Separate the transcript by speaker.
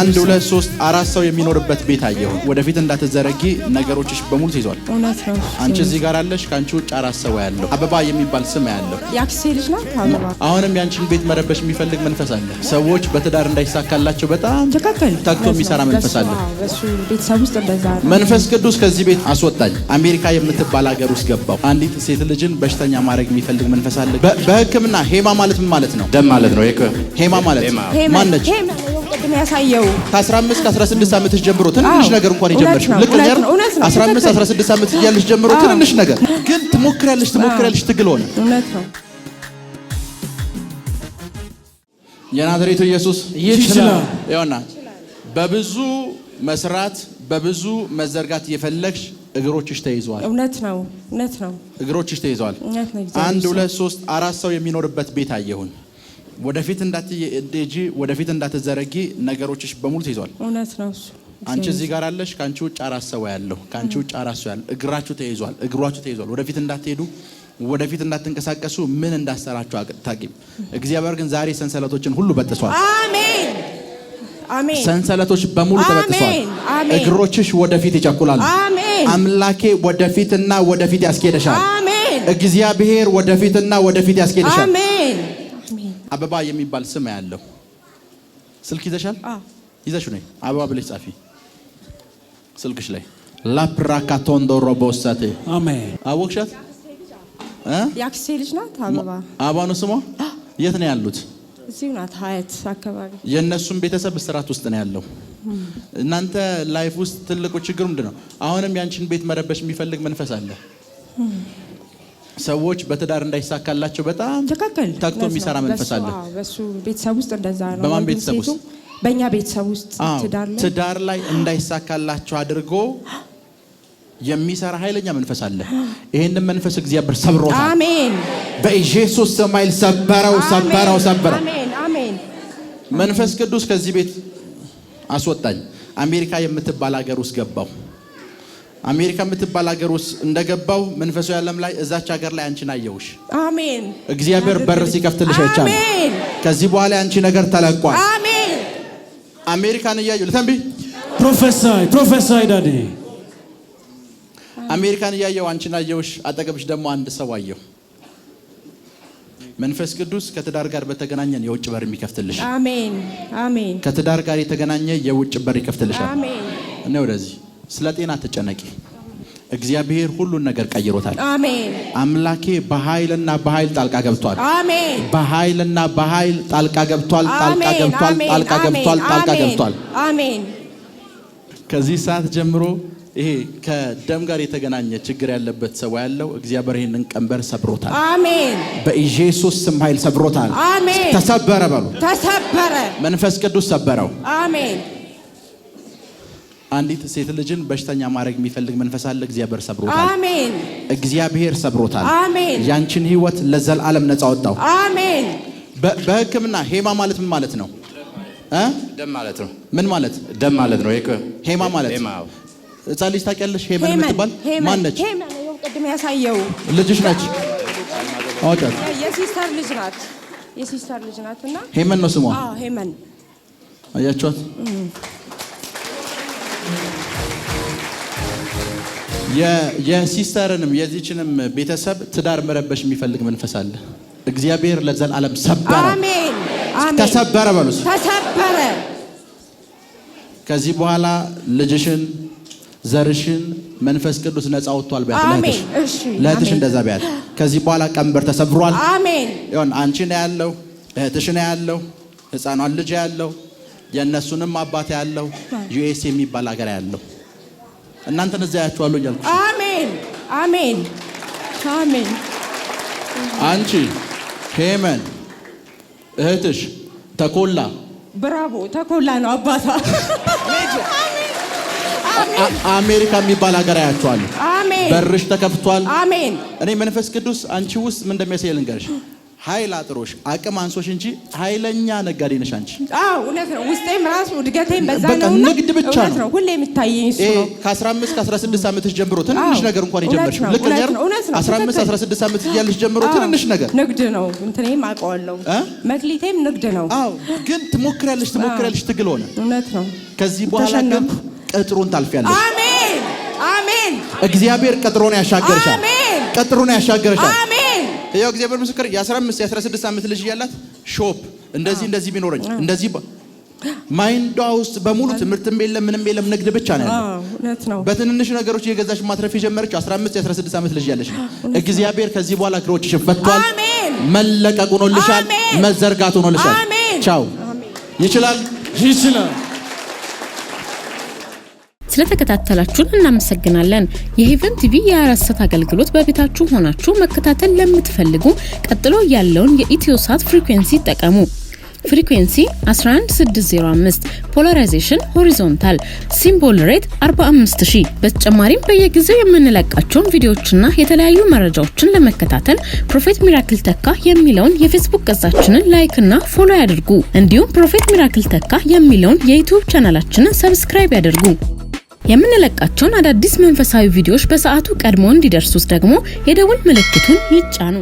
Speaker 1: አንድ ሁለት ሶስት አራት ሰው የሚኖርበት ቤት አየሁ። ወደፊት እንዳትዘረጊ ነገሮችሽ በሙሉ ይዟል። እውነት ነው። አንቺ እዚህ ጋር አለሽ፣ ከአንቺ ውጭ አራት ሰው ያለው አበባ የሚባል ስም ያለው
Speaker 2: ልጅ ናት አበባ።
Speaker 1: አሁንም የአንቺን ቤት መረበሽ የሚፈልግ መንፈስ አለ። ሰዎች በትዳር እንዳይሳካላቸው በጣም ተግቶ የሚሰራ መንፈስ አለ። መንፈስ ቅዱስ ከዚህ ቤት አስወጣኝ። አሜሪካ የምትባል ሀገር ውስጥ ገባው። አንዲት ሴት ልጅን በሽተኛ ማድረግ የሚፈልግ መንፈስ አለ። በህክምና ሄማ ማለት ምን ማለት ነው? ደም ማለት ነው። ሄማ ማለት
Speaker 2: ማነች? ቅድም ያሳየው
Speaker 1: ከ15 ከ16 ዓመትሽ ጀምሮ ትንንሽ ነገር እንኳን የጀመርሽ ልክ ነገር 15 16 ዓመት እያለሽ ጀምሮ ትንንሽ ነገር ግን ትሞክሪያለሽ ትሞክሪያለሽ ትግል ሆነ። የናዝሬቱ ኢየሱስ ይችላል። ይሆና በብዙ መስራት በብዙ መዘርጋት እየፈለግሽ እግሮችሽ ተይዘዋል።
Speaker 2: እውነት ነው፣ እውነት ነው።
Speaker 1: እግሮችሽ ተይዘዋል። አንድ ሁለት ሶስት አራት ሰው የሚኖርበት ቤት አየሁን ወደፊት እንዳትሄጂ፣ ወደፊት እንዳትዘረጊ ነገሮችሽ በሙሉ ተይዟል።
Speaker 2: እውነት ነው እሱ።
Speaker 1: አንቺ እዚህ ጋር አለሽ። ከአንቺ ውጭ አራሰው ያለሁ፣ ከአንቺ ውጭ አራሱ ያለ። እግራችሁ ተይዟል፣ እግሯችሁ ተይዟል። ወደፊት እንዳትሄዱ፣ ወደፊት እንዳትንቀሳቀሱ፣ ምን እንዳሰራችሁ አታቂም እግዚአብሔር ግን ዛሬ ሰንሰለቶችን ሁሉ በጥሷል።
Speaker 3: አሜን
Speaker 1: አሜን። ሰንሰለቶች በሙሉ ተበጥሷል። እግሮችሽ ወደፊት ይቸኩላሉ። አምላኬ ወደፊትና ወደፊት ያስኬደሻል። እግዚአብሔር ወደፊትና ወደፊት ያስኬደሻል። አበባ የሚባል ስም ያለው ስልክ ይዘሻል? ይዘሽ ነይ። አበባ ብለሽ ጻፊ ስልክሽ ላይ ላፕራካቶንዶ ሮቦሳቴ። አሜን። አወቅሻት?
Speaker 2: የአክስቴ ልጅ ናት። አበባ
Speaker 1: አበባ ነው ስሟ። የት ነው ያሉት?
Speaker 2: እዚሁ ናት፣ ሀያት አካባቢ።
Speaker 1: የእነሱም ቤተሰብ እስራት ውስጥ ነው ያለው። እናንተ ላይፍ ውስጥ ትልቁ ችግር ምንድን ነው? አሁንም ያንቺን ቤት መረበሽ የሚፈልግ መንፈስ አለ። ሰዎች በትዳር እንዳይሳካላቸው በጣም ትክክል ታክቶ የሚሰራ መንፈስ አለ።
Speaker 2: በሱ ቤተሰብ ውስጥ እንደዛ ነው።
Speaker 1: በማን ቤተሰብ ውስጥ?
Speaker 2: በእኛ ቤተሰብ ውስጥ
Speaker 1: ትዳር ላይ ትዳር ላይ እንዳይሳካላቸው አድርጎ የሚሰራ ኃይለኛ መንፈስ አለ። ይሄንን መንፈስ እግዚአብሔር ሰብሮታል። አሜን። በኢየሱስ ስም ኃይል ሰበረው፣ ሰበረው፣ ሰበረው። መንፈስ ቅዱስ ከዚህ ቤት አስወጣኝ። አሜሪካ የምትባል ሀገር ውስጥ ገባው። አሜሪካ የምትባል ሀገር ውስጥ እንደገባው መንፈሳዊ ዓለም ላይ እዛች ሀገር ላይ አንቺን አየውሽ። አሜን። እግዚአብሔር በር ሲከፍትልሽ አይቻልም። ከዚህ በኋላ አንቺ ነገር ተለቋል። አሜን። አሜሪካን እያዩ ለተንቢ
Speaker 4: ፕሮፌሰር ፕሮፌሰር ዳዲ
Speaker 1: አሜሪካን እያየው አንቺን አየውሽ። አጠገብሽ ደግሞ አንድ ሰው አየው። መንፈስ ቅዱስ ከትዳር ጋር በተገናኘን የውጭ በር የሚከፍትልሽ
Speaker 3: አሜን። አሜን።
Speaker 1: ከትዳር ጋር የተገናኘ የውጭ በር ይከፍትልሻል። አሜን። እኔ ወደዚህ ስለ ጤና ተጨነቂ። እግዚአብሔር ሁሉን ነገር ቀይሮታል። አሜን። አምላኬ በኃይልና በኃይል ጣልቃ ገብቷል። አሜን። በኃይልና በኃይል ጣልቃ ገብቷል። ጣልቃ ገብቷል። ጣልቃ ገብቷል። ጣልቃ ገብቷል። አሜን። ከዚህ ሰዓት ጀምሮ ይሄ ከደም ጋር የተገናኘ ችግር ያለበት ሰው ያለው እግዚአብሔር ይህንን ቀንበር ሰብሮታል። አሜን። በኢየሱስ ስም ኃይል ሰብሮታል። አሜን። ተሰበረ በሉ።
Speaker 3: ተሰበረ።
Speaker 1: መንፈስ ቅዱስ ሰበረው። አሜን። አንዲት ሴት ልጅን በሽተኛ ማድረግ የሚፈልግ መንፈስ አለ። እግዚአብሔር ሰብሮታል። አሜን። እግዚአብሔር ሰብሮታል። አሜን። ያንቺን ህይወት ለዘላለም ነፃ ወጣው። አሜን። በህክምና ሄማ ማለት ምን ማለት ነው? ደም ማለት ነው። ምን ማለት ደም ማለት ነው። ሄማ ማለት ህፃን ልጅ ታውቂያለሽ? ሄመን የምትባል ማን ነች?
Speaker 2: ቅድም ያሳየው ልጅሽ ነች። የሲስተር ልጅ ናት። የሲስተር ልጅ ናት እና ሄመን ነው ስሟ። ሄመን
Speaker 1: አያችኋት የሲስተርንም የዚችንም ቤተሰብ ትዳር መረበሽ የሚፈልግ መንፈስ አለ። እግዚአብሔር ለዘላለም ሰበረ። ተሰበረ
Speaker 3: ተሰበረ።
Speaker 1: ከዚህ በኋላ ልጅሽን ዘርሽን መንፈስ ቅዱስ ነፃ ወጥቷል። በያለሽ ለእህትሽ እንደዛ ቢያል ከዚህ በኋላ ቀንበር ተሰብሯል። አሜን። ይሁን አንቺ ነው ያለው፣ እህትሽ ነው ያለው፣ ህፃኗን ልጅ ያለው የእነሱንም አባት ያለው ዩኤስ የሚባል ሀገር ያለው እናንተን እዛ ያችኋሉ እያልኩ
Speaker 3: አሜን አሜን አሜን።
Speaker 1: አንቺ ሄመን እህትሽ ተኮላ
Speaker 2: ብራቮ ተኮላ ነው አባቷ።
Speaker 1: አሜሪካ የሚባል ሀገር ያችኋለሁ። በርሽ ተከፍቷል። አሜን። እኔ መንፈስ ቅዱስ አንቺ ውስጥ ምን እንደሚያሳይ ልንገርሽ ኃይል አጥሮሽ አቅም አንሶሽ እንጂ ኃይለኛ ነጋዴ ነሽ አንቺ።
Speaker 2: አዎ እውነት ነው። ውስጤም ራሱ እድገቴም በዛ
Speaker 1: ነው። ንግድ ብቻ ነው
Speaker 2: ሁሌ የሚታየኝ እሱ
Speaker 1: ነው። ከ15 ከ16 ዓመትሽ ጀምሮ ትንሽ ነገር እንኳን የጀመርሽ ልክ ነው። 15 16 ዓመት እያለሽ ጀምሮ ትንሽ ነገር
Speaker 2: ንግድ ነው። እንትኔም አውቀዋለሁ። መክሊቴም ንግድ ነው።
Speaker 1: አዎ ግን ትሞክሪያለሽ፣ ትሞክሪያለሽ። ትግል ሆነ። እውነት ነው። ከዚህ በኋላ ግን ቅጥሩን ታልፊያለሽ።
Speaker 3: አሜን፣ አሜን።
Speaker 1: እግዚአብሔር ቅጥሩን ያሻገርሻል። ቅጥሩን ያሻገርሻል። ያው እግዚአብሔር ምስክር የ15 የ16 ዓመት ልጅ እያላት ሾፕ እንደዚህ እንደዚህ ቢኖረኝ እንደዚህ ማይንዷ ውስጥ በሙሉ ትምህርትም የለም ምንም የለም ንግድ ብቻ ነው ያለው። በትንንሽ ነገሮች እየገዛች ማትረፍ የጀመረች 15 16 ዓመት ልጅ ያለች። እግዚአብሔር ከዚህ በኋላ እግሮችሽን ፈቷል። መለቀቅ ሆኖልሻል። መዘርጋት ሆኖልሻል። ቻው። ይችላል፣
Speaker 4: ይችላል።
Speaker 5: ስለተከታተላችሁን እናመሰግናለን። የሄቨን ቲቪ የአራሰት አገልግሎት በቤታችሁ ሆናችሁ መከታተል ለምትፈልጉ ቀጥሎ ያለውን የኢትዮሳት ፍሪኩዌንሲ ይጠቀሙ። ፍሪኩንሲ 11605 ፖላራይዜሽን ሆሪዞንታል ሲምቦል ሬት 45000። በተጨማሪም በየጊዜው የምንለቃቸውን ቪዲዮዎችና የተለያዩ መረጃዎችን ለመከታተል ፕሮፌት ሚራክል ተካ የሚለውን የፌስቡክ ገጻችንን ላይክ እና ፎሎ ያድርጉ። እንዲሁም ፕሮፌት ሚራክል ተካ የሚለውን የዩቲዩብ ቻናላችንን ሰብስክራይብ ያድርጉ። የምንለቃቸውን አዳዲስ መንፈሳዊ ቪዲዮዎች በሰዓቱ ቀድሞ እንዲደርሱት ደግሞ የደውል ምልክቱን ይጫኑ።